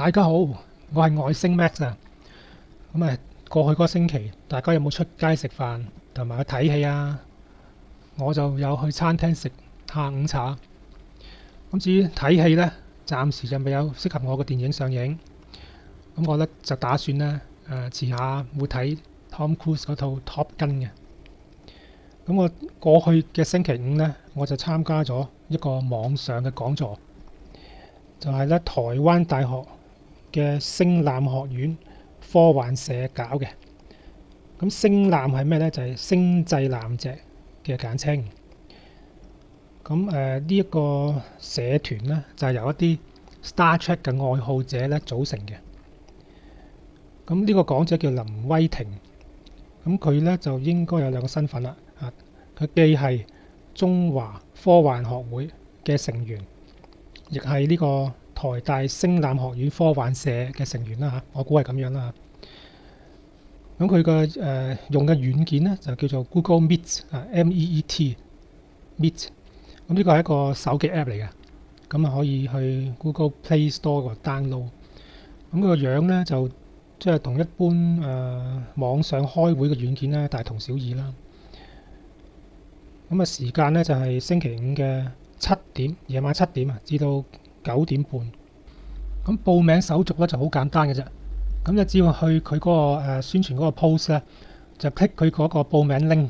大家好，我係外星 Max 啊！咁啊，過去嗰個星期，大家有冇出街食飯同埋去睇戲啊？我就有去餐廳食下午茶。咁至於睇戲呢，暫時就未有適合我嘅電影上映。咁我呢，就打算呢，誒、呃、遲下會睇 Tom Cruise 嗰套《Top Gun》嘅。咁我過去嘅星期五呢，我就參加咗一個網上嘅講座，就係、是、呢台灣大學嘅星艦學院科幻社搞嘅，咁星艦係咩呢？就係、是《星際艦隻》嘅簡稱。咁誒呢一個社團呢，就係、是、由一啲 Star Trek 嘅愛好者咧組成嘅。咁呢、這個講者叫林威霆。咁佢呢，就應該有兩個身份啦。佢、啊、既係中華科幻學會嘅成員，亦係呢個。台大星艦學院科幻社嘅成員啦，嚇，我估係咁樣啦。咁佢嘅誒用嘅軟件呢，就叫做 Google Meet 啊，M E E T Meet。咁、嗯、呢、這個係一個手機 App 嚟嘅，咁、嗯、啊可以去 Google Play Store 度 download。咁、嗯、佢個樣呢，就即係同一般誒、呃、網上開會嘅軟件呢，大同小異啦。咁、嗯、啊時間呢，就係、是、星期五嘅七點，夜晚七點啊，至到九點半，咁報名手續咧就好簡單嘅啫，咁咧只要去佢嗰、那個、呃、宣傳嗰個 post 咧，就 click 佢嗰個報名 link，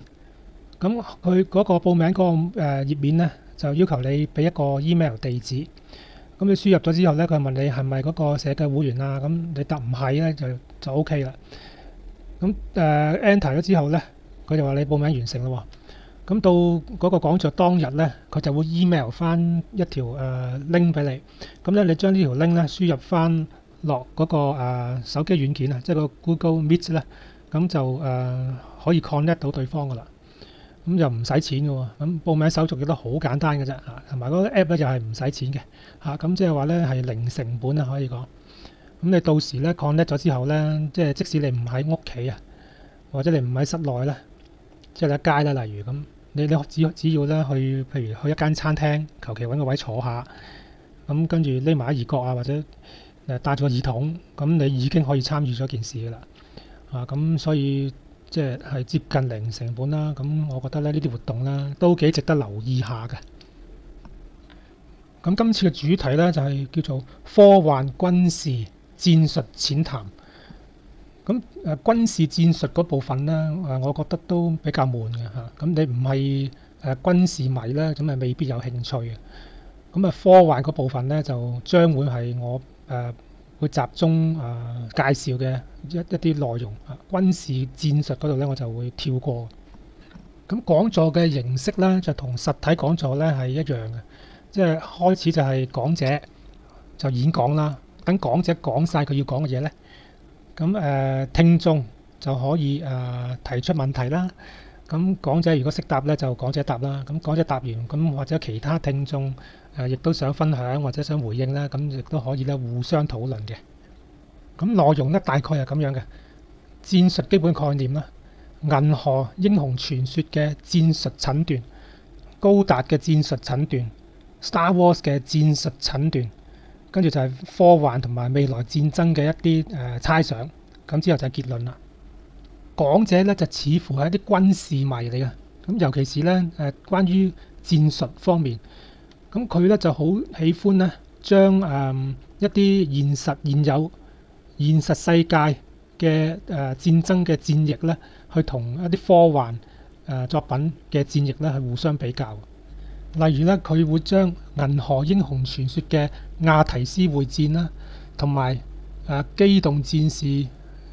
咁佢嗰個報名嗰、那個誒、呃、頁面咧，就要求你俾一個 email 地址，咁你輸入咗之後咧，佢問你係咪嗰個社嘅會員啊，咁你答唔係咧就就 OK 啦，咁誒、呃、enter 咗之後咧，佢就話你報名完成啦喎。咁到嗰個講座當日咧，佢就會 email 翻一條誒、呃、link 俾你。咁、嗯、咧，你將呢條 link 咧輸入翻落嗰個、呃、手機軟件啊，即係個 Google Meet 啦，咁、嗯、就誒、呃、可以 connect 到對方噶啦。咁就唔使錢嘅喎。咁、嗯、報名手續亦都好簡單嘅啫嚇，同埋嗰個 app 咧又係唔使錢嘅嚇。咁、啊、即係話咧係零成本啊可以講。咁、嗯、你到時咧 connect 咗之後咧，即係即使你唔喺屋企啊，或者你唔喺室內咧，即係你喺街啦，例如咁。你只只要咧去，譬如去一間餐廳，求其揾個位坐下，咁跟住匿埋喺耳角啊，或者誒帶住個耳筒，咁、嗯、你已經可以參與咗件事噶啦。啊，咁、嗯、所以即係接近零成本啦。咁、嗯、我覺得咧呢啲活動咧都幾值得留意下嘅。咁、嗯、今次嘅主題咧就係、係、叫做科幻軍事戰術淺談。咁誒軍事戰術嗰部分呢，啊，我覺得都比較悶嘅嚇。咁你唔係誒軍事迷呢，咁咪未必有興趣嘅。咁啊，科幻嗰部分呢，就將會係我誒、呃、會集中誒、呃、介紹嘅一一啲內容。軍事戰術嗰度呢，我就會跳過。咁講座嘅形式呢，就同實體講座呢係一樣嘅，即係開始就係講者就演講啦。等講者講晒佢要講嘅嘢呢。咁誒、嗯、聽眾就可以誒、呃、提出問題啦。咁講者如果識答咧，就講者答啦。咁講者答完，咁、嗯、或者其他聽眾誒、呃、亦都想分享或者想回應啦，咁、嗯、亦都可以咧互相討論嘅。咁、嗯、內容咧大概係咁樣嘅戰術基本概念啦。銀河英雄傳說嘅戰術診斷、高達嘅戰術診斷、Star Wars 嘅戰術診斷。跟住就係科幻同埋未來戰爭嘅一啲誒猜想，咁之後就係結論啦。講者咧就似乎係一啲軍事迷嚟嘅，咁尤其是咧誒關於戰術方面，咁佢咧就好喜歡咧將誒一啲現實現有現實世界嘅誒戰爭嘅戰役咧，去同一啲科幻誒作品嘅戰役咧去互相比較。例如咧，佢會將《銀河英雄傳説》嘅亞提斯會戰啦，同埋誒《機動戰士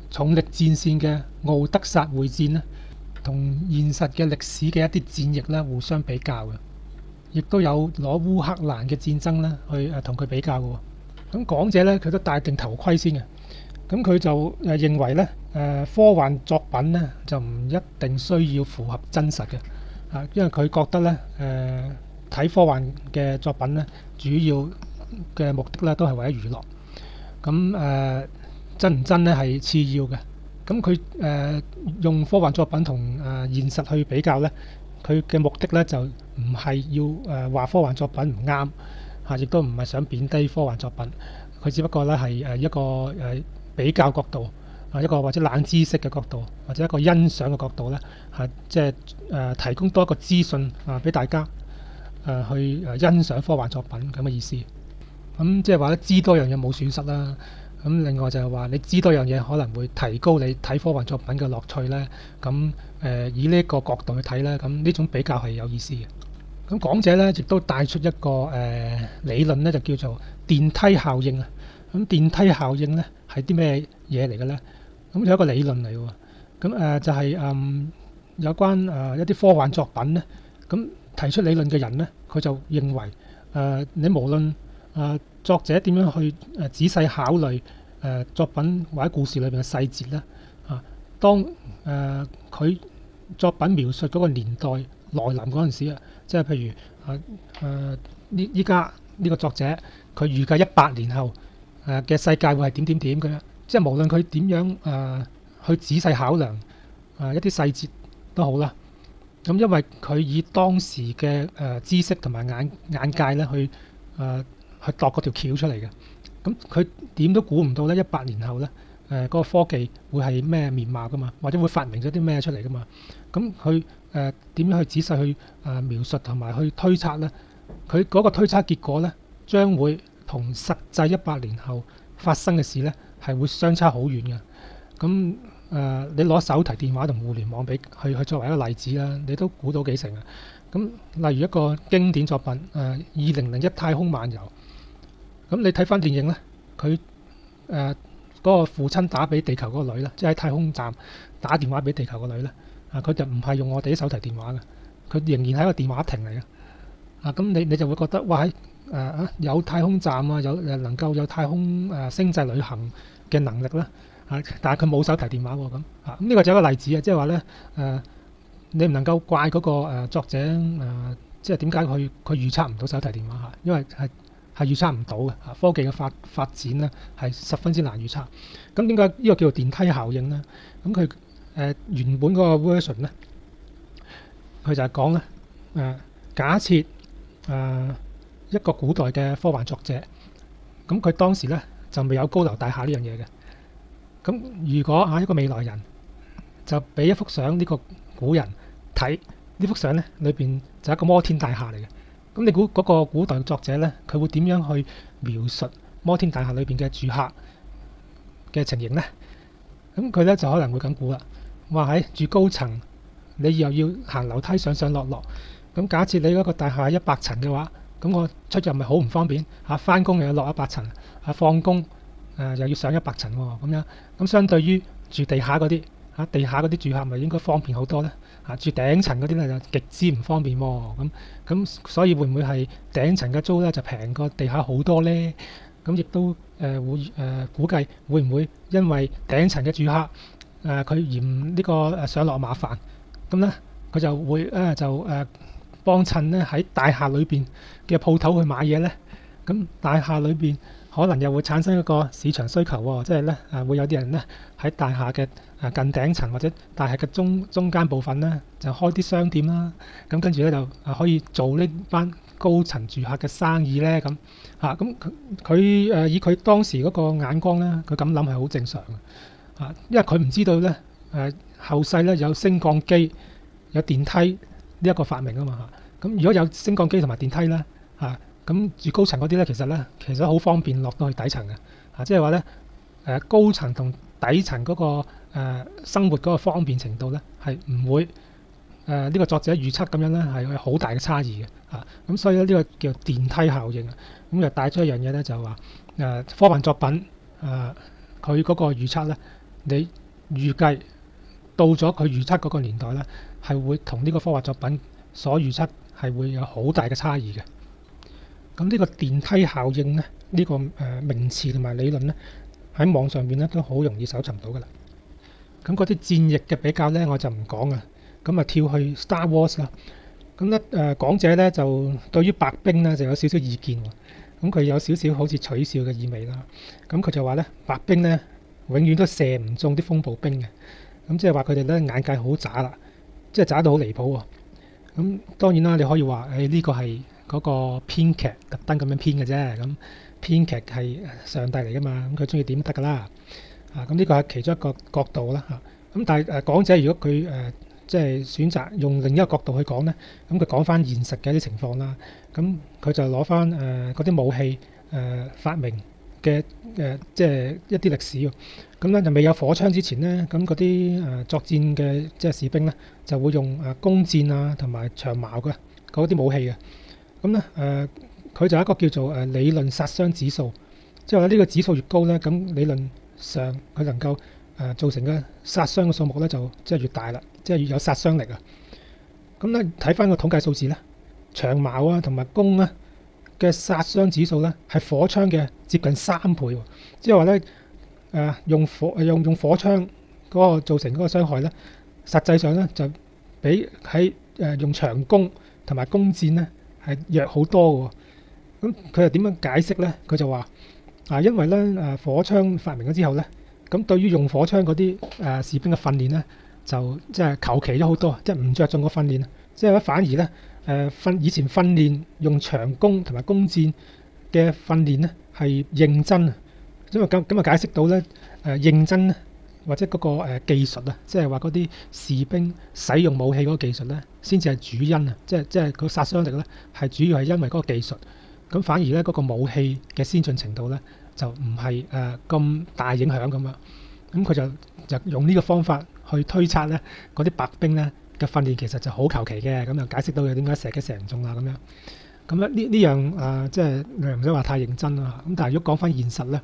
重力戰線》嘅奧德薩會戰啦，同現實嘅歷史嘅一啲戰役咧互相比較嘅，亦都有攞烏克蘭嘅戰爭咧去誒同佢比較嘅。咁講者咧，佢都戴定頭盔先嘅。咁佢就誒認為咧，誒科幻作品咧就唔一定需要符合真實嘅，啊，因為佢覺得咧誒。呃睇科幻嘅作品咧，主要嘅目的咧都係為咗娛樂。咁誒真唔真咧係次要嘅。咁佢誒用科幻作品同誒現實去比較咧，佢嘅目的咧就唔係要誒話科幻作品唔啱嚇，亦都唔係想貶低科幻作品。佢只不過咧係誒一個誒比較角度啊，一個或者冷知識嘅角度，或者一個欣賞嘅角度咧嚇，即係誒提供多一個資訊啊俾大家。誒去誒欣賞科幻作品咁嘅意思，咁即係話咧知多樣嘢冇損失啦。咁、嗯、另外就係話你知多樣嘢可能會提高你睇科幻作品嘅樂趣咧。咁、嗯、誒、呃、以呢一個角度去睇咧，咁、嗯、呢種比較係有意思嘅。咁講者咧亦都帶出一個誒、呃、理論咧，就叫做電梯效應啊。咁、嗯、電梯效應咧係啲咩嘢嚟嘅咧？咁、嗯、有一個理論嚟喎。咁、嗯、誒就係、是、嗯有關誒、呃、一啲科幻作品咧，咁、嗯。嗯提出理論嘅人呢，佢就認為誒、呃、你無論誒、呃、作者點樣去誒仔細考慮誒、呃、作品或者故事裏面嘅細節咧，啊當誒佢、呃、作品描述嗰個年代來臨嗰陣時啊，即係譬如誒呢依家呢個作者，佢預計一百年後誒嘅世界會係點點點嘅，即係無論佢點樣誒去仔細考量誒、呃、一啲細節都好啦。咁因為佢以當時嘅誒、呃、知識同埋眼眼界咧，去誒、呃、去度嗰條橋出嚟嘅。咁佢點都估唔到咧，一百年後咧，誒、呃、嗰個科技會係咩面貌噶嘛，或者會發明咗啲咩出嚟噶嘛。咁佢誒點樣去仔細去誒、呃、描述同埋去推測咧？佢嗰個推測結果咧，將會同實際一百年後發生嘅事咧，係會相差好遠嘅。咁。誒、啊，你攞手提電話同互聯網俾去去作為一個例子啦，你都估到幾成啊？咁例如一個經典作品誒，啊《二零零一太空漫遊》啊，咁你睇翻電影咧，佢誒嗰個父親打俾地球嗰個女咧，即係太空站打電話俾地球個女咧，啊，佢就唔係用我哋啲手提電話嘅，佢仍然係個電話亭嚟嘅。啊，咁、啊、你你就會覺得哇！誒啊，啊，有太空站啊，有啊能夠有太空誒、啊、星際旅行嘅能力咧、啊。啊！但係佢冇手提電話喎，咁啊咁呢、呢個就係一個例子啊、就是呃那個呃呃，即係話咧誒，你唔能夠怪嗰個作者誒，即係點解佢佢預測唔到手提電話嚇、啊？因為係係預測唔到嘅、啊，科技嘅發發展咧係十分之難預測。咁點解呢個叫做電梯效應咧？咁佢誒原本嗰個 version 咧，佢就係講咧誒、啊，假設誒、啊、一個古代嘅科幻作者，咁、啊、佢當時咧就未有高樓大廈呢樣嘢嘅。咁如果嚇一個未來人就俾一幅相呢個古人睇呢幅相咧，裏邊就係一個摩天大廈嚟嘅。咁你估嗰個古代作者咧，佢會點樣去描述摩天大廈裏邊嘅住客嘅情形咧？咁佢咧就可能會咁估啦。話，喺住高層，你又要行樓梯上上落落。咁假設你嗰個大廈係一百層嘅話，咁我出入咪好唔方便？嚇，返工又要落一百層，嚇放工。誒又要上一百層喎，咁樣，咁相對於住地下嗰啲，嚇地下嗰啲住客咪應該方便好多咧。嚇住頂層嗰啲咧就極之唔方便喎。咁咁所以會唔會係頂層嘅租咧就平過地下好多咧？咁亦都誒會誒估計會唔會因為頂層嘅住客誒佢嫌呢個上落麻煩，咁咧佢就會啊就誒幫襯咧喺大廈裏邊嘅鋪頭去買嘢咧。咁大廈裏邊，可能又會產生一個市場需求喎，即係咧啊，會有啲人咧喺大廈嘅啊近頂層或者大廈嘅中中間部分咧，就開啲商店啦。咁跟住咧就啊可以做呢班高層住客嘅生意咧咁啊。咁佢佢誒以佢當時嗰個眼光咧，佢咁諗係好正常嘅啊，因為佢唔知道咧誒後世咧有升降機有電梯呢一個發明啊嘛嚇。咁如果有升降機同埋電梯咧嚇。咁住高層嗰啲咧，其實咧，其實好方便落到去底層嘅啊，即係話咧，誒、呃、高層同底層嗰、那個、呃、生活嗰個方便程度咧，係唔會誒呢、呃這個作者預測咁樣咧，係會好大嘅差異嘅啊。咁所以咧，呢、這個叫電梯效應啊。咁又帶出一樣嘢咧，就話誒科幻作品誒佢嗰個預測咧，你預計到咗佢預測嗰個年代咧，係會同呢個科幻作品所預測係會有好大嘅差異嘅。咁呢個電梯效應咧，呢、呢個誒、呃、名詞同埋理論咧，喺網上邊咧都好容易搜尋到噶啦。咁嗰啲戰役嘅比較咧，我就唔講啊。咁啊，跳去 Star Wars 啦。咁咧誒，講者咧就對於白兵咧就有少少意見。咁佢有少少好似取笑嘅意味啦。咁佢就話咧，白兵咧永遠都射唔中啲風暴兵嘅。咁即係話佢哋咧眼界好渣啦，即係渣到好離譜喎。咁當然啦，你可以話誒呢個係。嗰個編劇特登咁樣編嘅啫，咁編劇係上帝嚟噶嘛？咁佢中意點得㗎啦啊！咁呢個係其中一個角度啦嚇。咁、啊、但係誒講者，如果佢誒即係選擇用另一個角度去講咧，咁佢講翻現實嘅一啲情況啦。咁、啊、佢就攞翻誒嗰啲武器誒、呃、發明嘅誒，即、呃、係、就係、一啲歷史喎、啊。咁咧就未有火槍之前咧，咁嗰啲誒作戰嘅即係士兵咧就會用誒弓箭啊，同埋長矛嘅嗰啲武器嘅、啊。咁咧，誒佢、嗯呃、就一個叫做誒、呃、理論殺傷指數，之後咧呢個指數越高咧，咁、嗯、理論上佢能夠誒、呃、造成嘅殺傷嘅數目咧就即係越大啦，即、就、係、是、越有殺傷力啊！咁咧睇返個統計數字咧，長矛啊同埋弓啊嘅殺傷指數咧係火槍嘅接近三倍，即係話咧誒用火、呃、用用火槍嗰個造成嗰個傷害咧，實際上咧就比喺誒、呃、用長弓同埋弓箭咧，係弱好多嘅喎，咁佢又點樣解釋咧？佢就話啊，因為咧誒、啊、火槍發明咗之後咧，咁對於用火槍嗰啲誒士兵嘅訓練咧，就即係求其咗好多，即係唔着重個訓練，即係反而咧誒訓以前訓練用長弓同埋弓箭嘅訓練咧係認真，因為咁咁啊解釋到咧誒認真咧。或者嗰個誒技術啊，即係話嗰啲士兵使用武器嗰個技術咧，先至係主因啊！即係即係個殺傷力咧，係主要係因為嗰個技術。咁反而咧嗰個武器嘅先進程度咧，就唔係誒咁大影響咁啊。咁佢就就用呢個方法去推測咧，嗰啲白兵咧嘅訓練其實就好求其嘅，咁就解釋到佢點解射嘅射唔中啦咁樣。咁咧呢呢樣啊，即係你唔使話太認真啦。咁但係如果講翻現實咧，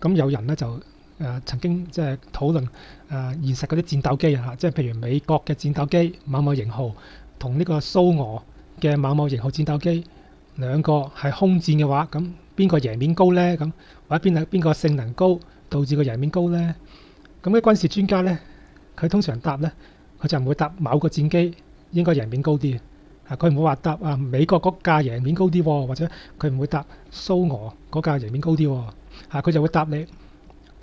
誒咁有人咧就。誒曾經即係討論誒現實嗰啲戰鬥機啊，即係譬如美國嘅戰鬥機某某型號，同呢個蘇俄嘅某某型號戰鬥機兩個係空戰嘅話，咁邊個贏面高呢？咁或者邊啊邊個性能高，導致個贏面高呢？咁啲軍事專家呢，佢通常答呢，佢就唔會答某個戰機應該贏面高啲啊。佢唔會話答啊美國嗰架贏面高啲啊，或者佢唔會答蘇俄嗰架贏面高啲啊。佢就會答你。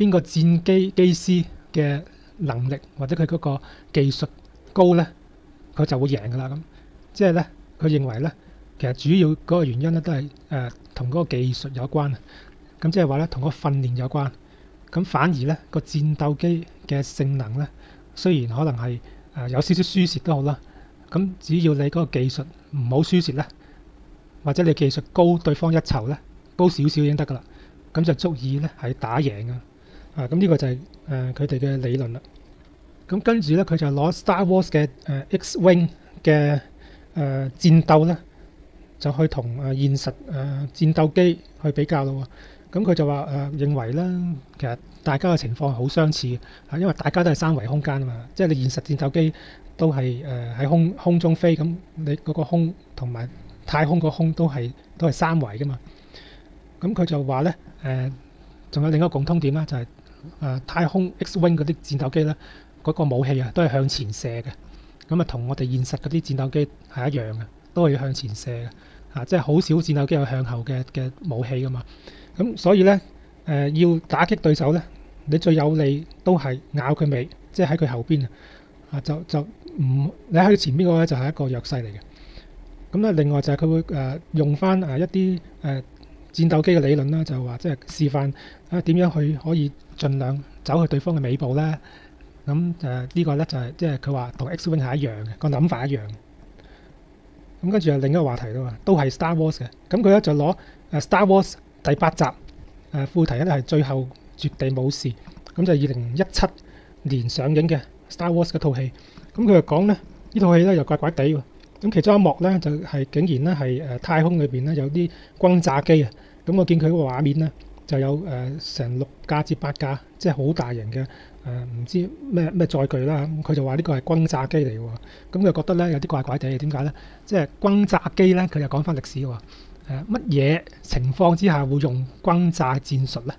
邊個戰機機師嘅能力或者佢嗰個技術高呢，佢就會贏噶啦。咁即係呢，佢認為呢，其實主要嗰個原因呢都係誒同嗰個技術有關啊。咁即係話呢，同嗰個訓練有關。咁反而呢，個戰鬥機嘅性能呢，雖然可能係誒有少少輸蝕都好啦。咁只要你嗰個技術唔好輸蝕呢，或者你技術高對方一籌呢，高少少已經得噶啦。咁就足以呢係打贏啊！啊，咁、這、呢個就係誒佢哋嘅理論啦。咁、啊、跟住咧，佢就攞《Star Wars》嘅、呃、誒 X Wing 嘅誒、呃、戰鬥咧，就去同誒、呃、現實誒、呃、戰鬥機去比較咯、哦。咁、嗯、佢就話誒、呃、認為咧，其實大家嘅情況好相似，嚇、啊，因為大家都係三維空間啊嘛。即係你現實戰鬥機都係誒喺空空中飛，咁你嗰個空同埋太空個空都係都係三維噶嘛。咁、嗯、佢就話咧誒。呃呃仲有另一個共通點啦、就是，就係誒太空 X Wing 嗰啲戰鬥機咧，嗰、那個武器啊，都係向前射嘅。咁啊，同我哋現實嗰啲戰鬥機係一樣嘅，都係向前射嘅。嚇、啊，即係好少戰鬥機有向後嘅嘅武器噶嘛。咁、啊、所以咧，誒、呃、要打擊對手咧，你最有利都係咬佢尾，即係喺佢後邊啊。啊，就就唔你喺佢前邊嗰個就係一個弱勢嚟嘅。咁、啊、咧，另外就係佢會誒、呃、用翻誒一啲誒、呃、戰鬥機嘅理論啦，就話即係示範。啊，點樣去可以盡量走去對方嘅尾部咧？咁誒呢個咧就係即係佢話同 X-Wing 係一樣嘅，個諗法一樣。咁跟住又另一個話題啦喎，都係 Star Wars 嘅。咁佢咧就攞誒 Star Wars 第八集誒副題咧係最後絕地武士，咁就係二零一七年上映嘅 Star Wars 嗰套戲。咁佢就講咧呢套戲咧又怪怪地喎。咁其中一幕咧就係竟然咧係誒太空裏邊咧有啲轟炸機啊。咁我見佢嗰個畫面咧。就有誒成、呃、六架至八架，即係好大型嘅誒，唔、呃、知咩咩載具啦。佢就話呢個係轟炸機嚟㗎喎。咁、嗯、佢覺得咧有啲怪怪地，點解咧？即係轟炸機咧，佢又講翻歷史喎。誒乜嘢情況之下會用轟炸戰術咧？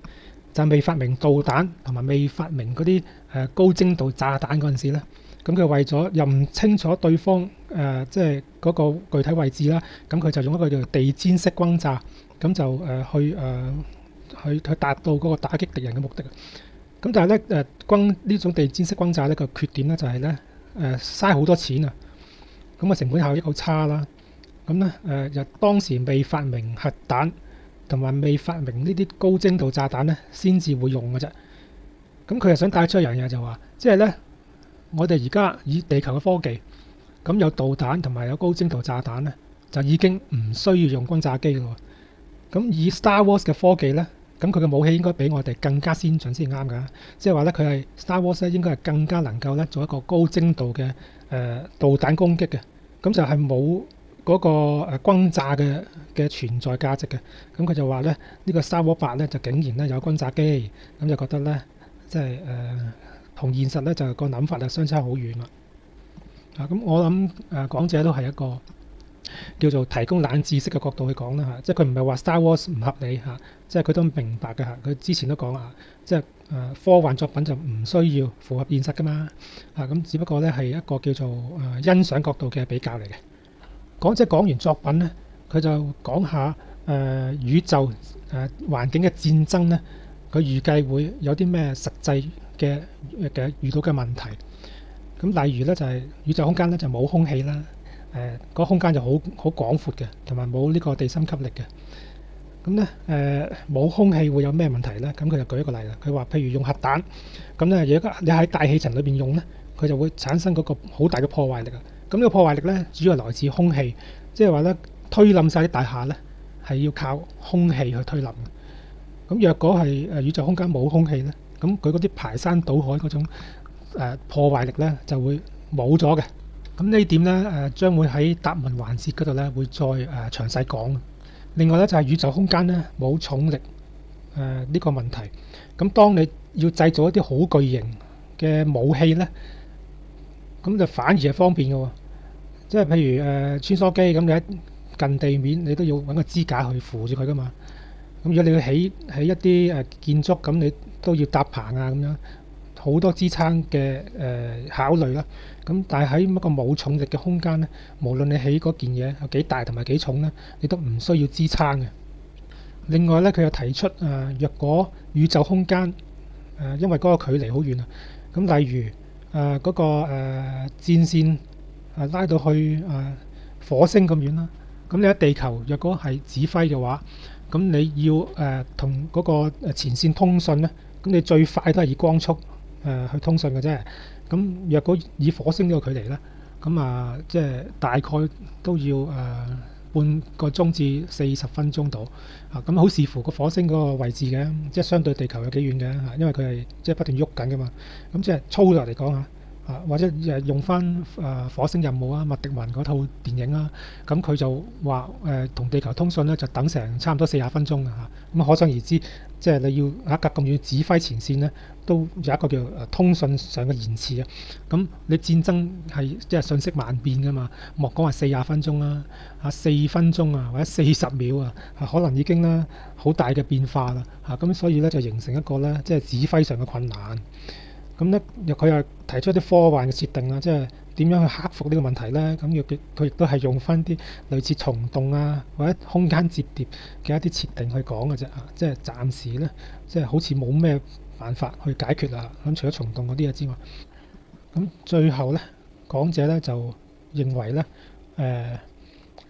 就係、未發明導彈同埋未發明嗰啲誒高精度炸彈嗰陣時咧，咁、嗯、佢為咗又唔清楚對方誒、呃、即係嗰個具體位置啦，咁、嗯、佢就用一個叫地毯式轟炸，咁就誒去誒。嗯嗯嗯嗯嗯嗯嗯嗯去去達到嗰個打擊敵人嘅目的嘅，咁但係咧誒轟呢種地氈式轟炸呢個缺點咧就係咧誒嘥好多錢啊，咁啊成本效益好差啦，咁咧誒又當時未發明核彈同埋未發明呢啲高精度炸彈咧，先至會用嘅啫，咁佢又想帶出一樣嘢就話、是，即係咧我哋而家以地球嘅科技，咁、嗯、有導彈同埋有高精度炸彈咧，就已經唔需要用轟炸機啦，咁、嗯、以 Star Wars 嘅科技咧。咁佢嘅武器應該比我哋更加先進先啱㗎，即係話咧佢係 Star Wars 咧應該係更加能夠咧做一個高精度嘅誒導彈攻擊嘅，咁就係冇嗰個誒轟炸嘅嘅存在價值嘅，咁佢就話咧呢個 Star Wars 八咧就竟然咧有轟炸機，咁就覺得咧即係誒同現實咧就個諗法就相差好遠啦。啊，咁我諗誒講者都係一個。叫做提供冷知識嘅角度去講啦嚇，即係佢唔係話《Star Wars》唔合理嚇、啊，即係佢都明白嘅嚇。佢之前都講啦，即係誒科幻作品就唔需要符合現實噶嘛嚇，咁、啊、只不過咧係一個叫做誒、啊、欣賞角度嘅比較嚟嘅。講即係講完作品咧，佢就講下誒、呃、宇宙誒環、呃、境嘅戰爭咧，佢預計會有啲咩實際嘅嘅遇到嘅問題。咁、啊、例如咧就係、是、宇宙空間咧就冇空氣啦。誒個空間就好好廣闊嘅，同埋冇呢個地心吸力嘅。咁咧誒冇空氣會有咩問題咧？咁佢就舉一個例啦。佢話譬如用核彈，咁咧如果你喺大氣層裏邊用咧，佢就會產生嗰個好大嘅破壞力。咁呢個破壞力咧主要係來自空氣，即係話咧推冧曬啲大廈咧，係要靠空氣去推冧嘅。咁若果係誒宇宙空間冇空氣咧，咁佢嗰啲排山倒海嗰種誒破壞力咧就會冇咗嘅。咁呢點咧，誒將會喺答問環節嗰度咧，會再誒詳細講。另外咧，就係、是、宇宙空間咧冇重力，誒、呃、呢、這個問題。咁、呃、當你要製造一啲好巨型嘅武器咧，咁、呃、就反而係方便嘅喎、哦。即係譬如誒、呃、穿梭機咁、呃，你近地面你都要搵個支架去扶住佢噶嘛。咁、呃、如果你要起起一啲誒建築，咁、呃、你都要搭棚啊咁樣。好多支撐嘅誒、呃、考慮啦。咁但係喺一個冇重力嘅空間咧，無論你起嗰件嘢有幾大同埋幾重咧，你都唔需要支撐嘅。另外咧，佢又提出誒、呃，若果宇宙空間誒、呃，因為嗰個距離好遠啊。咁、呃、例如誒嗰、呃嗰個誒、呃、戰線、呃、拉到去誒、呃、火星咁遠啦。咁、呃、你喺地球若果係指揮嘅話，咁你要誒同嗰個前線通訊咧，咁你最快都係以光速。誒、呃、去通訊嘅啫，咁、嗯、若果以火星呢個距離咧，咁、嗯、啊，即係大概都要誒、呃、半個鐘至四十分鐘度，啊，咁、嗯嗯、好視乎個火星嗰個位置嘅，即係相對地球有幾遠嘅，嚇、啊，因為佢係即係不斷喐緊㗎嘛，咁、嗯、即係粗略嚟講下，啊，或者用翻誒火星任務啊、麥迪文嗰套電影啊，咁、嗯、佢就話誒同地球通訊咧就等成差唔多四十分鐘啊，咁、啊、可想而知，即係你要隔格咁遠指揮前線咧。呢呢都有一個叫通訊上嘅延遲啊。咁你戰爭係即係信息萬變㗎嘛？莫講話四十分鐘啦，啊四分鐘啊，或者四十秒啊，啊可能已經咧好大嘅變化啦。啊咁，所以咧就形成一個咧即係指揮上嘅困難。咁咧又佢又提出啲科幻嘅設定啊，即係點樣去克服呢個問題咧？咁亦佢亦都係用翻啲類似蟲洞啊，或者空間摺疊嘅一啲設定去講嘅啫。啊，即係暫時咧，即係好似冇咩。辦法去解決啦。咁除咗蟲洞嗰啲嘢之外，咁最後呢，講者呢就認為呢，誒、呃，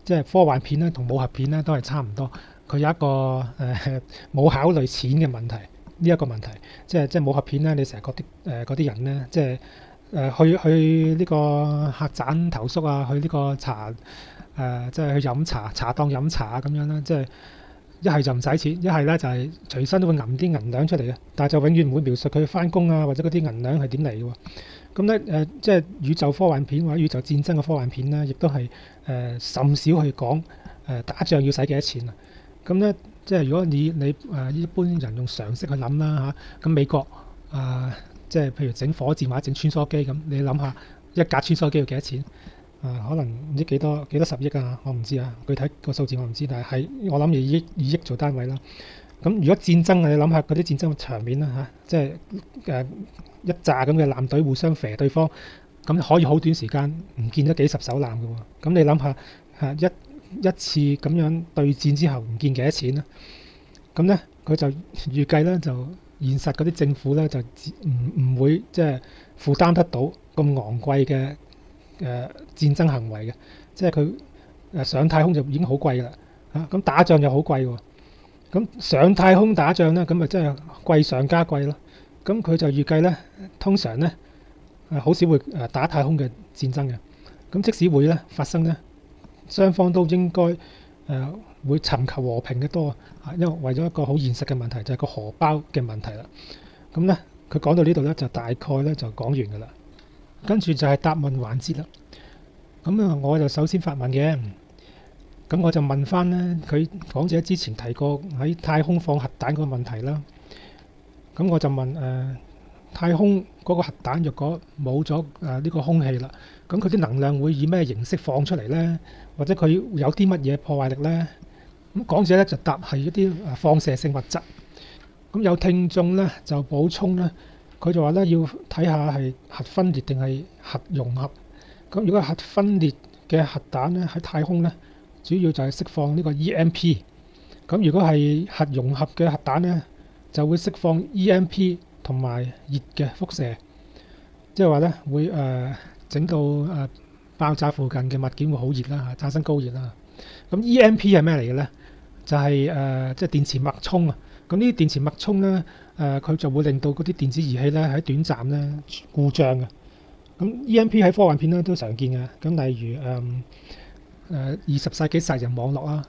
即係科幻片呢同武俠片呢都係差唔多。佢有一個誒冇、呃、考慮錢嘅問題呢一、這個問題，即係即係武俠片呢。你成日嗰啲誒啲人呢，即係誒、呃、去去呢個客棧投宿啊，去呢個茶誒即係去飲茶茶檔飲茶咁樣啦，即係。一係就唔使錢，一係咧就係、是、隨身都會揞啲銀兩出嚟嘅，但係就永遠唔會描述佢翻工啊或者嗰啲銀兩係點嚟嘅喎。咁咧誒，即係宇宙科幻片或者宇宙戰爭嘅科幻片咧，亦都係誒、呃、甚少去講誒、呃、打仗要使幾多錢啊。咁咧即係如果你你誒一、呃、般人用常識去諗啦嚇，咁、啊、美國啊、呃、即係譬如整火箭或者整穿梭機咁，你諗下一架穿梭機要幾多錢？啊，可能唔知幾多幾多十億啊，我唔知啊，具體個數字我唔知，但係係我諗以億以億做單位啦。咁、啊、如果戰爭，想想戰爭啊，啊，啊，啊，啊，你諗下嗰啲戰爭嘅場面啦嚇，即係誒一紮咁嘅艦隊互相射對方，咁可以好短時間唔見咗幾十艘艦嘅喎。咁你諗下嚇一一次咁樣對戰之後唔見幾多錢啊？咁、啊、呢，佢就預計呢，就現實嗰啲政府呢，就唔唔會即係負擔得到咁昂貴嘅。誒、呃、戰爭行為嘅，即係佢誒上太空就已經好貴㗎啦嚇，咁、啊、打仗又好貴喎，咁、啊、上太空打仗咧，咁咪真係貴上加貴咯。咁、啊、佢就預計咧，通常咧誒好少會誒打太空嘅戰爭嘅。咁、啊、即使會咧發生咧，雙方都應該誒、呃、會尋求和平嘅多啊，因為為咗一個好現實嘅問題就係、是、個荷包嘅問題啦。咁咧佢講到呢度咧就大概咧就講完㗎啦。跟住就係答問環節啦。咁啊，我就首先發問嘅。咁我就問返咧，佢講者之前提過喺太空放核彈個問題啦。咁我就問誒、呃，太空嗰個核彈若果冇咗誒呢個空氣啦，咁佢啲能量會以咩形式放出嚟咧？或者佢有啲乜嘢破壞力咧？咁講者咧就答係一啲放射性物質。咁有聽眾咧就補充咧。佢就話咧，要睇下係核分裂定係核融合。咁如果核分裂嘅核彈咧喺太空咧，主要就係釋放呢個 EMP。咁如果係核融合嘅核彈咧，就會釋放 EMP 同埋熱嘅輻射，即係話咧會誒整、呃、到誒爆炸附近嘅物件會好熱啦，產生高熱啦。咁、嗯、EMP 係咩嚟嘅咧？就係、是、誒、呃、即係電磁脈衝啊！咁、嗯、呢啲電磁脈衝咧。誒佢就會令到嗰啲電子儀器咧喺短暫咧故障嘅。咁 EMP 喺科幻片咧都常見嘅。咁例如誒誒二十世紀殺人網絡啦，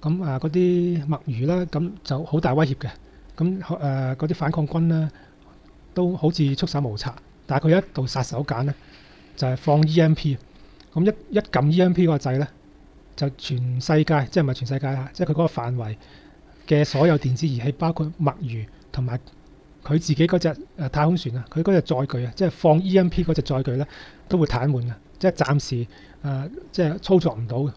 咁啊嗰啲墨魚啦，咁就好大威脅嘅。咁誒嗰啲反抗軍咧都好似束手無策，但係佢一度殺手鐧咧就係放 EMP。咁一一撳 EMP 嗰個掣咧就全世界，即係唔係全世界啊？即係佢嗰個範圍嘅所有電子儀器，包括墨魚。同埋佢自己嗰隻誒太空船啊，佢嗰隻載具啊，即係放 EMP 嗰隻載具咧，都會癱瘓、呃、啊，即係暫時誒即係操作唔到嘅，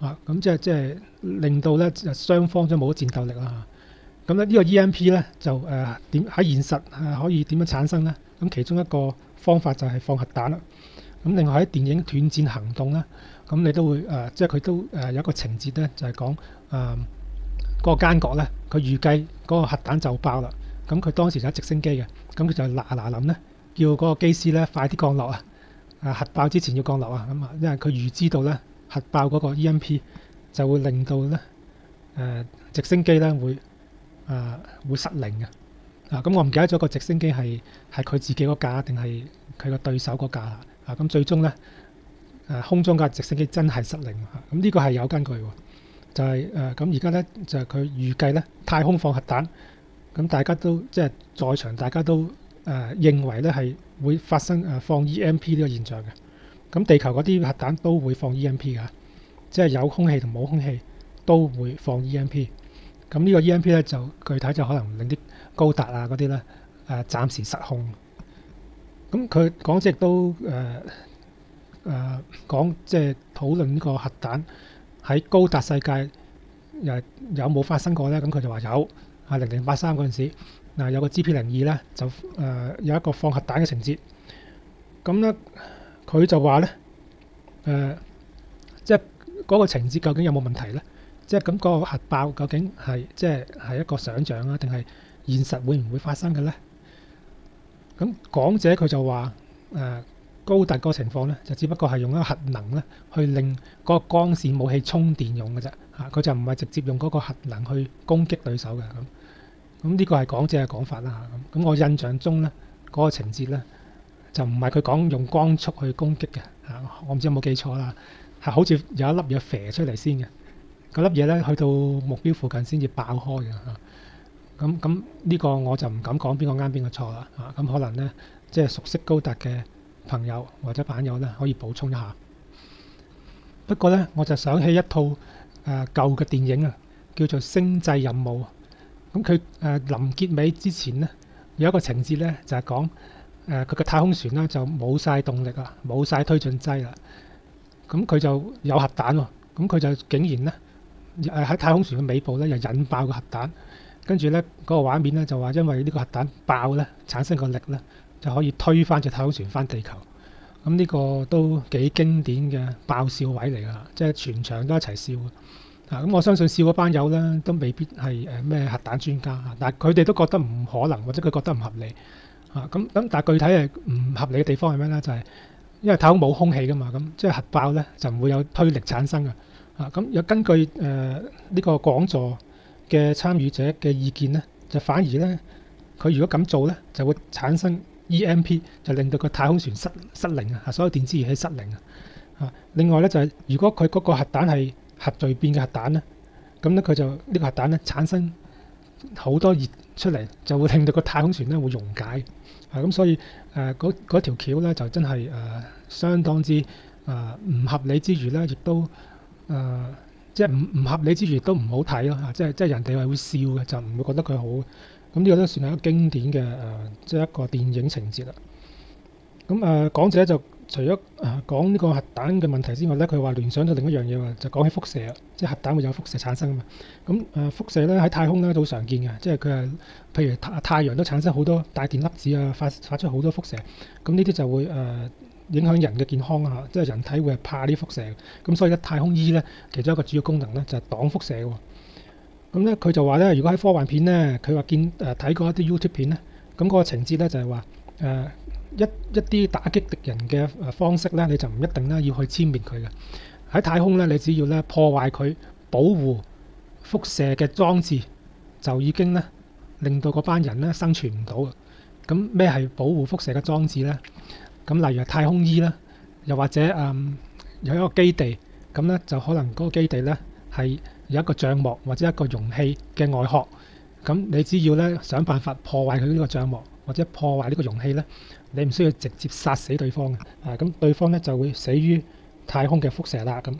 啊咁即係即係令到咧雙方都冇咗戰鬥力啦。咁、啊、咧、嗯這個、呢個 EMP 咧就誒點喺現實係可以點樣產生咧？咁、嗯、其中一個方法就係放核彈啦。咁、嗯、另外喺電影《斷戰行動》咧，咁、嗯、你都會誒、呃、即係佢都誒、呃、有一個情節咧，就係、是、講誒嗰、呃那個奸角咧，佢預計嗰個核彈就爆啦。咁佢當時就有直升機嘅，咁佢就嗱嗱諗咧，叫嗰個機師咧快啲降落啊！核爆之前要降落啊！咁啊，因為佢預知到咧核爆嗰個 EMP 就會令到咧誒直升機咧會啊會失靈嘅。啊，咁我唔記得咗個直升機係係佢自己嗰架定係佢個對手嗰架啊？咁最終咧誒空中架直升機真係失靈。咁呢個係有根據嘅，就係誒咁而家咧就係佢預計咧太空放核彈。咁大家都即係在場，大家都誒、呃、認為咧係會發生誒、啊、放 EMP 呢個現象嘅。咁、嗯、地球嗰啲核彈都會放 EMP 噶，即係有空氣同冇空氣都會放 EMP。咁、嗯這個、EM 呢個 EMP 咧就具體就可能令啲高達啊嗰啲咧誒暫時失控。咁、嗯、佢講，都、呃呃、講即都誒誒講即係討論呢個核彈喺高達世界誒有冇發生過咧？咁、嗯、佢就話有。啊！零零八三嗰陣時，嗱有個 G.P. 零二啦，就誒、呃、有一個放核彈嘅情節。咁、嗯、咧，佢就話咧誒，即係嗰個情節究竟有冇問題咧？即係咁嗰個核爆究竟係即係係一個想像啊，定係現實會唔會發生嘅咧？咁、嗯、講者佢就話誒、呃、高達個情況咧，就只不過係用一個核能咧去令嗰個光線武器充電用嘅啫。嚇、啊、佢就唔係直接用嗰個核能去攻擊對手嘅咁。嗯咁呢個係講者嘅講法啦嚇咁，我印象中呢嗰個情節呢，就唔係佢講用光速去攻擊嘅嚇，我唔知有冇記錯啦，係好似有一粒嘢飛出嚟先嘅，嗰粒嘢呢，去到目標附近先至爆開嘅嚇。咁咁呢個我就唔敢講邊個啱邊個錯啦嚇，咁可能呢，即係熟悉高達嘅朋友或者版友呢，可以補充一下。不過呢，我就想起一套誒舊嘅電影啊，叫做《星際任務》。咁佢誒臨結尾之前呢，有一個情節呢，就係講誒佢嘅太空船呢，就冇晒動力啦，冇晒推進劑啦。咁佢就有核彈喎，咁佢就竟然呢，誒喺太空船嘅尾部呢，又引爆個核彈，跟住呢，嗰個畫面呢，就話因為呢個核彈爆呢，產生個力呢，就可以推返隻太空船返地球。咁呢個都幾經典嘅爆笑位嚟㗎，即係全場都一齊笑。嗱，咁我相信笑嗰班友咧都未必係誒咩核彈專家嚇，但係佢哋都覺得唔可能，或者佢覺得唔合理嚇，咁咁但係具體係唔合理嘅地方係咩咧？就係因為太空冇空氣噶嘛，咁即係核爆咧就唔會有推力產生嘅嚇，咁又根據誒呢個講座嘅參與者嘅意見咧，就反而咧佢如果咁做咧就會產生 EMP，就令到個太空船失失靈啊，所有電子儀器失靈啊。另外咧就係如果佢嗰個核彈係核聚變嘅核彈呢，咁呢，佢就呢個核彈呢產生好多熱出嚟，就會令到個太空船呢會溶解，啊咁、嗯、所以誒嗰嗰條橋咧就真係誒、呃、相當之誒唔、呃、合理之餘呢，亦都誒、呃、即係唔唔合理之餘都唔好睇咯，嚇、啊、即係即係人哋係會笑嘅，就唔會覺得佢好，咁、啊、呢、嗯呢個都算係一個經典嘅誒、呃、即係一個電影情節啦。咁、嗯、誒、呃、講者就。除咗啊講呢個核彈嘅問題之外咧，佢話聯想到另一樣嘢就講起輻射啊，即係核彈會有輻射產生啊嘛。咁啊輻射咧喺太空咧都好常見嘅，即係佢係譬如太太陽都產生好多帶電粒子啊，發發出好多輻射。咁呢啲就會誒、呃、影響人嘅健康啊，即係人體會係怕呢啲輻射。咁、嗯、所以咧太空衣、e、咧其中一個主要功能咧就係擋輻射嘅。咁咧佢就話咧，如果喺科幻片咧，佢話見誒睇、呃、過一啲 YouTube 片咧，咁嗰個情節咧就係話誒。嗯嗯嗯嗯嗯嗯一一啲打擊敵人嘅誒方式咧，你就唔一定咧要去殲滅佢嘅。喺太空咧，你只要咧破壞佢保護輻射嘅裝置，就已經咧令到嗰班人咧生存唔到嘅。咁咩係保護輻射嘅裝置咧？咁、嗯、例如太空衣啦，又或者誒、嗯、有一個基地，咁、嗯、咧就可能嗰個基地咧係有一個帳幕或者一個容器嘅外殼，咁、嗯、你只要咧想辦法破壞佢呢個帳幕。或者破壞呢個容器咧，你唔需要直接殺死對方嘅啊。咁對方咧就會死於太空嘅輻射啦。咁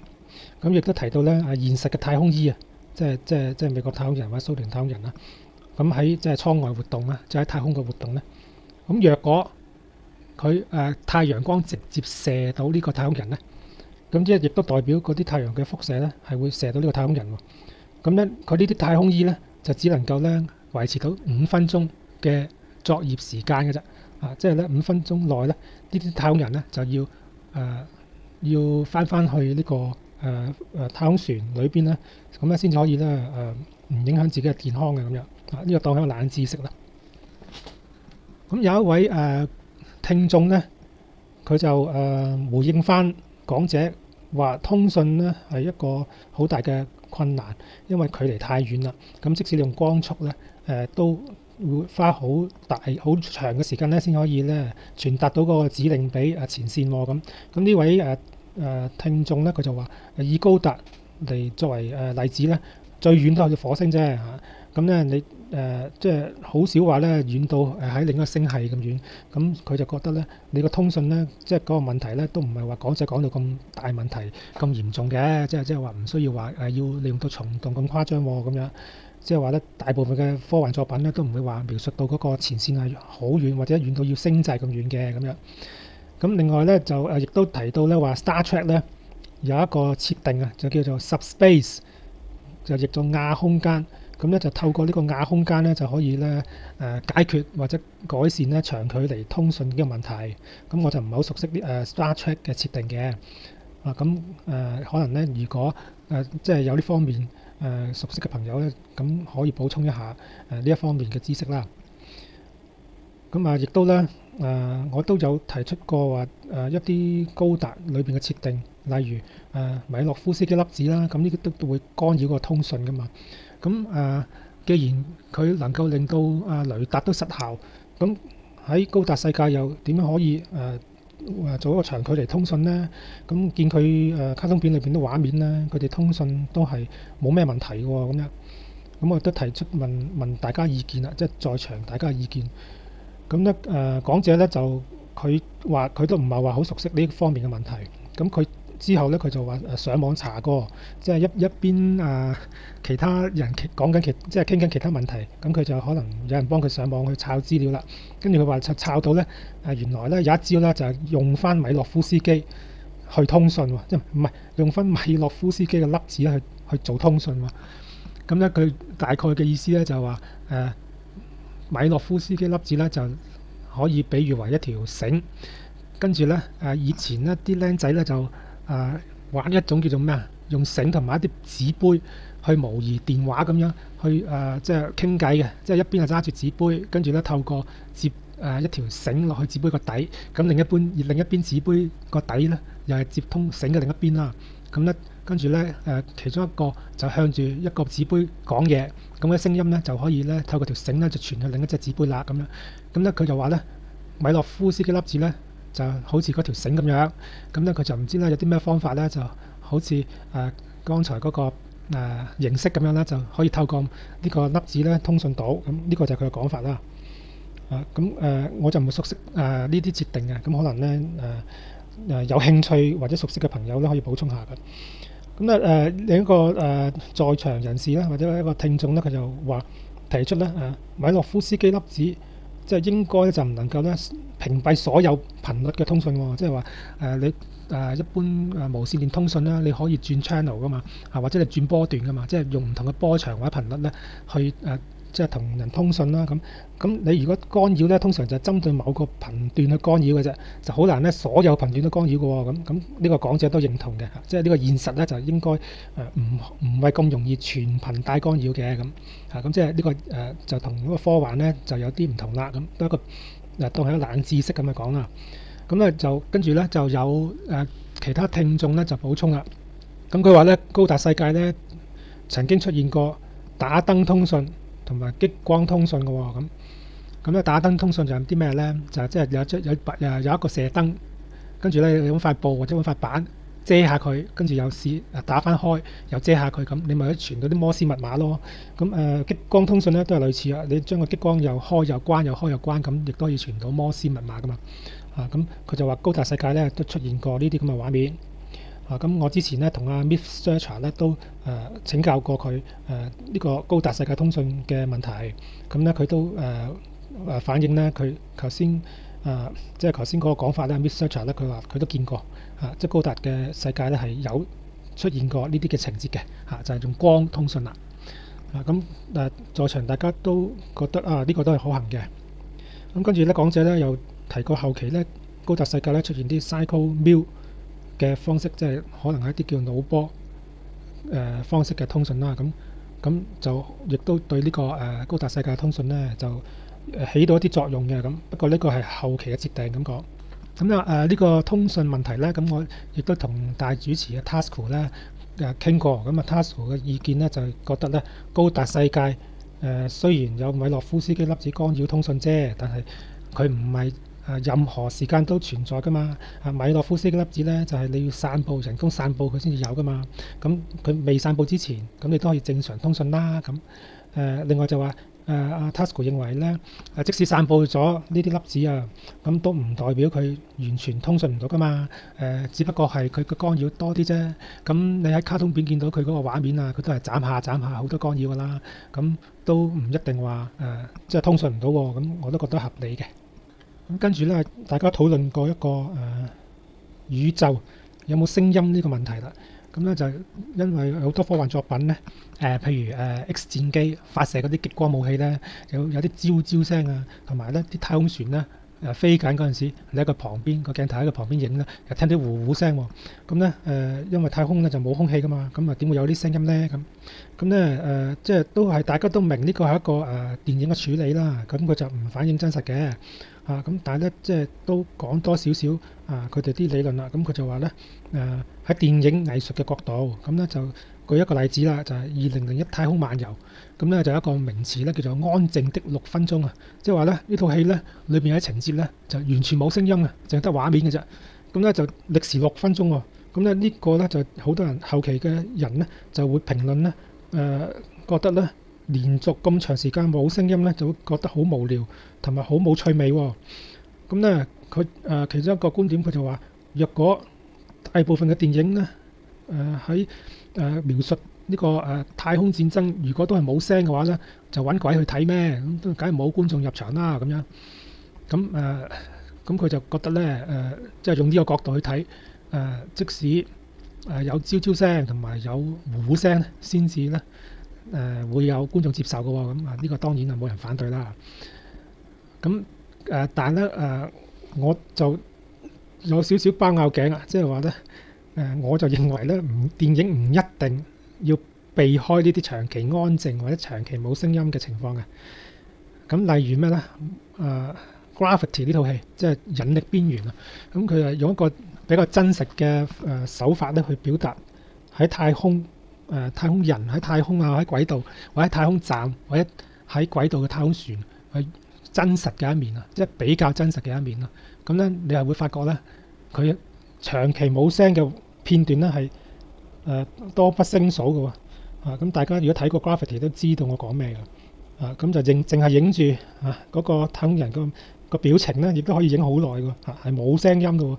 咁亦都提到咧啊，現實嘅太空衣啊，即係即係即係美國太空人或者蘇聯太空人啦、啊。咁喺即係艙外活動啦、啊，即喺太空嘅活動咧、啊。咁若果佢誒、啊、太陽光直接射到呢個太空人咧，咁即係亦都代表嗰啲太陽嘅輻射咧係會射到呢個太空人喎、啊。咁咧佢呢啲太空衣咧就只能夠咧維持到五分鐘嘅。作業時間嘅啫，啊，即係咧五分鐘內咧，呢啲太空人咧就要誒、呃、要翻翻去呢、呢個誒誒、呃、太空船裏邊咧，咁咧先至可以咧誒唔影響自己嘅健康嘅咁樣，啊，呢、呢個當係個冷知識啦。咁、嗯、有一位誒、呃、聽眾咧，佢就誒、呃、回應翻講者話通訊咧係一個好大嘅困難，因為距離太遠啦。咁即使你用光速咧誒、呃、都會花好大好長嘅時間咧，先可以咧傳達到嗰個指令俾啊前線喎咁。咁呢位誒誒、呃、聽眾咧，佢就話以高達嚟作為誒例子咧，最遠都係火星啫嚇。咁咧你誒即係好少話咧遠到誒喺另一個星系咁遠。咁佢就覺得咧，你個通訊咧，即係嗰個問題咧，都唔係話講者講到咁大問題咁嚴重嘅，即係即係話唔需要話誒要利用到蟲洞咁誇張喎咁樣。即係話咧，大部分嘅科幻作品咧都唔會話描述到嗰個前線係好遠，或者遠到要星際咁遠嘅咁樣。咁另外咧就誒亦都提到咧話，《Star Trek》咧有一個設定啊，就叫做 Subspace，就譯做亞空間。咁咧就透過呢個亞空間咧就可以咧誒解決或者改善咧長距離通訊嘅個問題。咁我就唔係好熟悉啲誒《Star Trek》嘅設定嘅。啊咁誒，可能咧如果誒、呃、即係有呢方面。誒熟悉嘅朋友咧，咁可以補充一下誒呢一方面嘅知識啦。咁啊，亦都咧誒，我都有提出過話誒一啲高達裏邊嘅設定，例如誒米洛夫斯基粒子啦，咁呢啲都會干擾個通訊噶嘛。咁誒，既然佢能夠令到啊雷達都失效，咁喺高達世界又點樣可以誒，做一個長距離通訊咧，咁見佢誒、呃、卡通片裏邊啲畫面咧，佢哋通訊都係冇咩問題喎、哦，咁樣，咁我都提出問問大家意見啦，即係在場大家嘅意見。咁咧誒講者咧就佢話佢都唔係話好熟悉呢方面嘅問題，咁佢。之後咧，佢就話上網查過，即係一一邊啊、呃，其他人其講緊其即係傾緊其他問題。咁佢就可能有人幫佢上網去抄資料啦。跟住佢話抄抄到咧，啊、呃、原來咧有一招咧就係、是、用翻米洛夫斯基去通訊，即唔唔係用翻米洛夫斯基嘅粒子去去做通訊喎。咁咧佢大概嘅意思咧就話、是、誒、呃、米洛夫斯基粒子咧就可以比喻為一條繩，跟住咧誒以前呢啲僆仔咧就。誒、啊、玩一種叫做咩啊？用繩同埋一啲紙杯去模擬電話咁樣去誒、呃，即係傾偈嘅，即係一邊係揸住紙杯，跟住咧透過接誒、呃、一條繩落去紙杯個底，咁另一邊另一邊紙杯個底咧又係接通繩嘅另一邊啦。咁咧跟住咧誒，其中一個就向住一個紙杯講嘢，咁嘅聲音咧就可以咧透過條繩咧就傳去另一隻紙杯啦。咁樣咁咧佢就話咧米洛夫斯基粒子咧。就好似嗰條繩咁樣，咁咧佢就唔知咧有啲咩方法咧，就好似誒剛才嗰個誒形式咁樣咧，就可以透過呢個粒子咧通訊到，咁呢個就係佢嘅講法啦。啊，咁誒我就唔熟悉誒呢啲設定嘅，咁可能咧誒誒有興趣或者熟悉嘅朋友咧可以補充下嘅。咁咧誒另一個誒在場人士咧或者一個聽眾咧，佢就話提出咧啊，米洛夫斯基粒子。即係應該咧就唔能夠咧屏蔽所有頻率嘅通訊喎，即係話誒你誒、呃、一般誒無線電通訊啦，你可以轉 channel 噶嘛，啊，或者你轉波段噶嘛，即係用唔同嘅波長或者頻率咧去誒。呃即係同人通訊啦，咁咁你如果干擾咧，通常就針對某個頻段去干擾嘅啫，就好難咧，所有頻段都干擾嘅喎、哦。咁咁呢個講者都認同嘅，即係呢個現實咧就應該誒唔唔係咁容易全頻帶干擾嘅咁啊。咁、啊、即係呢、這個誒、呃、就同呢個科幻咧就有啲唔同啦。咁、嗯、都一個誒當係一個冷知識咁嚟講啦。咁、嗯、咧就跟住咧就有誒、呃、其他聽眾咧就補充啦。咁佢話咧高達世界咧曾經出現過打燈通訊。同埋激光通訊嘅喎、哦，咁咁咧打燈通訊就係啲咩咧？就係即係有有有一個射燈，跟住咧有塊布或者塊板遮下佢，跟住又試啊打翻開又遮下佢咁，你咪可以傳到啲摩斯密碼咯。咁誒、呃、激光通訊咧都係類似啊，你將個激光又開又關又開又關咁，亦都可以傳到摩斯密碼噶嘛啊！咁佢就話高達世界咧都出現過呢啲咁嘅畫面。咁、啊、我之前咧同阿 Miss Sutter 咧都誒請教過佢誒呢個高達世界通訊嘅問題。咁咧佢都誒誒、呃、反映咧佢頭先誒即係頭先嗰個講法咧，Miss Sutter 咧佢話佢都見過，啊，即係高達嘅世界咧係有出現過呢啲嘅情節嘅嚇、啊，就係、是、用光通訊啦。啊，咁誒在場大家都覺得啊，呢、這個都係可行嘅。咁、啊、跟住咧講者咧又提過後期咧高達世界咧出現啲 Psycommu 嘅方式即係可能係一啲叫腦波誒、呃、方式嘅通訊啦，咁、嗯、咁、嗯、就亦都對呢、這個誒、呃、高達世界通訊呢，就起到一啲作用嘅咁、嗯。不過呢個係後期嘅設定感覺。咁啊誒呢個通訊問題呢，咁、嗯、我亦都同大主持嘅 Tasuku 咧誒傾、啊、過。咁、嗯、啊 Tasuku 嘅意見呢，就係覺得呢高達世界誒、呃、雖然有米洛夫斯基粒子干擾通訊啫，但係佢唔係。誒任何時間都存在噶嘛？啊，米洛夫斯嘅粒子咧，就係、是、你要散佈人工散佈佢先至有噶嘛。咁、嗯、佢未散佈之前，咁、嗯、你都可以正常通訊啦。咁、嗯、誒，另外就話誒阿、啊啊、Tasuku 認為咧，誒即使散佈咗呢啲粒子啊，咁、嗯、都唔代表佢完全通訊唔到噶嘛。誒、嗯，只不過係佢嘅干擾多啲啫。咁、嗯、你喺卡通片見到佢嗰個畫面啊，佢都係斬下斬下好多干擾噶啦。咁、嗯、都唔一定話誒、呃、即係通訊唔到喎。咁、嗯、我都覺得合理嘅。咁跟住咧，大家討論過一個誒、呃、宇宙有冇聲音呢個問題啦。咁、嗯、咧就因為好多科幻作品咧，誒、呃、譬如誒、呃、X 戰機發射嗰啲極光武器咧，有有啲焦焦聲啊，同埋咧啲太空船咧、呃、飛緊嗰陣時，你喺佢旁邊個鏡頭喺佢旁邊影咧，又聽啲呼呼聲喎。咁咧誒，因為太空咧就冇空氣噶嘛，咁啊點會有啲聲音咧？咁咁咧誒，即係都係大家都明呢個係一個誒、呃、電影嘅處理啦。咁佢就唔反映真實嘅。啊，咁但係咧，即係都講多少少啊，佢哋啲理論啦。咁、嗯、佢就話咧，誒、呃、喺電影藝術嘅角度，咁、嗯、咧就舉一個例子啦，就係二零零一太空漫遊。咁、嗯、咧、嗯、就有一個名詞咧叫做安靜的六分鐘啊，即係話咧呢套戲咧裏邊嘅情節咧就完全冇聲音啊，淨係得畫面嘅啫。咁、嗯、咧、嗯、就歷時六分鐘喎、哦。咁、嗯、咧、嗯這個、呢個咧就好多人後期嘅人咧就會評論咧誒、呃、覺得咧。連續咁長時間冇聲音呢，就會覺得好無聊同埋好冇趣味喎、哦。咁、嗯、呢，佢誒其中一個觀點，佢就話、是：若果大部分嘅電影呢，喺、呃、誒、呃、描述呢、這個呢誒、呃、太空戰爭，如果都係冇聲嘅話呢，就揾鬼去睇咩？咁都梗係冇觀眾入場啦。咁樣咁誒咁，佢、嗯呃嗯、就覺得呢，誒、呃，即係用呢個角度去睇、呃、即使有啾啾聲同埋有糊呼聲先至呢。誒、呃、會有觀眾接受嘅喎、哦，咁啊呢個當然係冇人反對啦。咁、嗯、誒、呃，但咧誒、呃，我就有少少包拗頸啊，即係話咧誒，我就認為咧，唔電影唔一定要避開呢啲長期安靜或者長期冇聲音嘅情況嘅。咁、嗯、例如咩咧？誒、呃《Gravity》呢套戲，即係引力邊緣啊。咁佢係用一個比較真實嘅誒、呃、手法咧去表達喺太空。誒、uh, 太空人喺太空啊，喺軌道，或者太空站，或者喺軌道嘅太空船，係真實嘅一面啊，即係比較真實嘅一面啊。咁咧，你係會發覺咧，佢長期冇聲嘅片段咧係誒多不勝數嘅喎。啊，咁大家如果睇過 Gravity 都知道我講咩嘅。啊，咁就影淨係影住啊嗰、那個太空人個、啊那個表情咧，亦都可以影好耐嘅。啊，係冇聲音嘅喎、啊。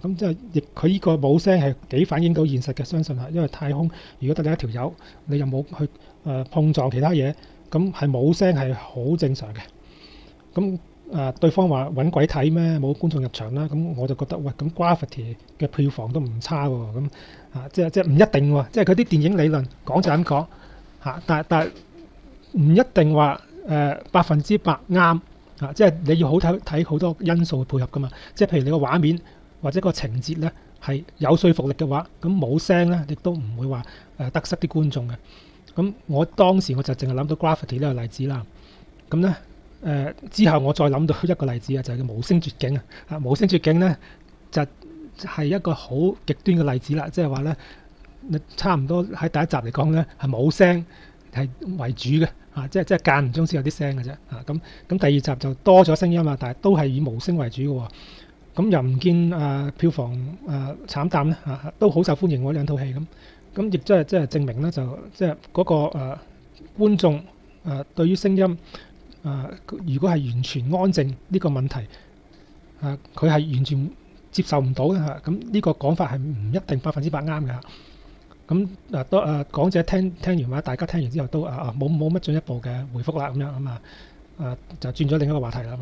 咁即係，亦佢呢個冇聲係幾反映到現實嘅。相信係因為太空，如果得你一條友，你又冇去誒碰撞其他嘢，咁係冇聲係好正常嘅。咁誒，對方話揾鬼睇咩？冇觀眾入場啦。咁我就覺得，喂，咁 Gravity 嘅票房都唔差喎。咁啊，即係即係唔一定喎。即係佢啲電影理論講就咁講吓，但係但係唔一定話誒百分之百啱啊。即係你要好睇睇好多因素配合噶嘛。即係譬如你個畫面，或者個情節咧係有說服力嘅話，咁冇聲咧亦都唔會話誒得失啲觀眾嘅。咁我當時我就淨係諗到《Gravity》呢個例子啦。咁咧誒之後我再諗到一個例子啊，就係叫無聲絕境啊！無聲絕境咧就係一個好極端嘅例子啦，即係話咧差唔多喺第一集嚟講咧係冇聲係為主嘅啊，即係即係間唔中先有啲聲嘅啫啊。咁咁第二集就多咗聲音啊，但係都係以無聲為主嘅喎。咁又唔見啊票房啊慘淡咧嚇，都好受歡迎嗰兩套戲咁，咁亦即係即係證明咧，就即係嗰個誒觀眾誒對於聲音誒，如果係完全安靜呢個問題，誒佢係完全接受唔到嘅嚇。咁呢個講法係唔一定百分之百啱㗎。咁嗱都誒講者聽聽完話，大家聽完之後都啊啊冇冇乜進一步嘅回覆啦，咁樣咁啊誒就轉咗另一個話題啦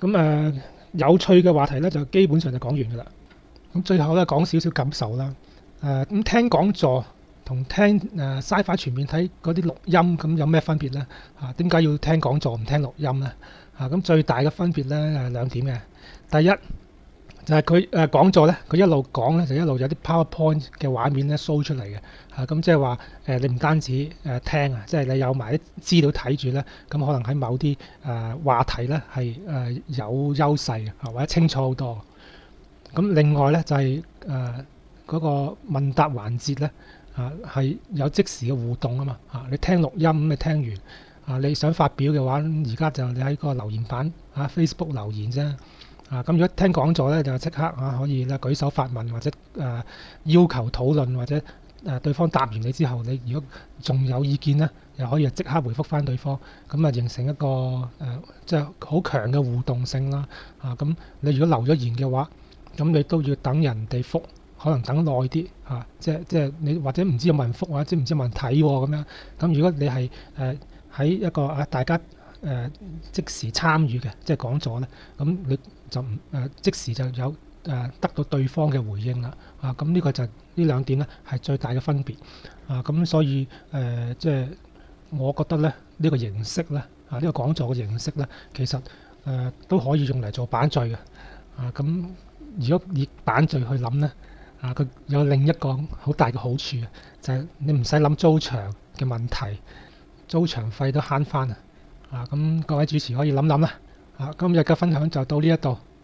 咁樣。咁誒。有趣嘅話題咧，就基本上就講完㗎啦。咁最後咧，講少少感受啦。誒、呃，咁聽講座同聽誒 SciFi 全面睇嗰啲錄音，咁、嗯、有咩分別呢？嚇、啊，點解要聽講座唔聽錄音呢？嚇、啊，咁最大嘅分別呢係兩點嘅。第一。就係佢誒講座咧，佢一路講咧就一路有啲 PowerPoint 嘅畫面咧 show 出嚟嘅，啊、呃、咁即係話誒你唔單止誒、呃、聽啊，即係你有埋啲資料睇住咧，咁、嗯、可能喺某啲誒、呃、話題咧係誒有優勢啊，或者清楚好多。咁、啊、另外咧就係誒嗰個問答環節咧，啊係有即時嘅互動啊嘛，啊你聽錄音咁你聽完啊你想發表嘅話，而家就你喺個留言板啊 Facebook 留言啫。啊，咁如果聽講座咧，就即刻啊可以咧舉手發問，或者誒、呃、要求討論，或者誒對方答完你之後，你如果仲有意見咧，又可以即刻回覆翻對方，咁啊形成一個誒、呃、即係好強嘅互動性啦。啊，咁、啊嗯、你如果留咗言嘅話，咁、啊嗯、你都要等人哋覆，可能等耐啲啊，即係即係你或者唔知有冇人覆或者唔知有冇人睇咁樣。咁、嗯、如果你係誒喺一個啊大家。誒、呃、即時參與嘅，即係講座呢，咁、嗯、你就唔誒、呃、即時就有誒、呃、得到對方嘅回應啦。啊，咁、嗯、呢、這個就呢、是、兩點呢係最大嘅分別。啊，咁、嗯、所以誒、呃，即係我覺得呢呢、這個形式呢，啊，呢、這個講座嘅形式呢，其實誒、呃、都可以用嚟做版聚嘅。啊，咁、嗯、如果以版聚去諗呢，啊佢有另一個好大嘅好處啊，就係、是、你唔使諗租場嘅問題，租場費都慳翻啊！啊，咁各位主持可以諗諗啦。啊，今日嘅分享就到呢一度。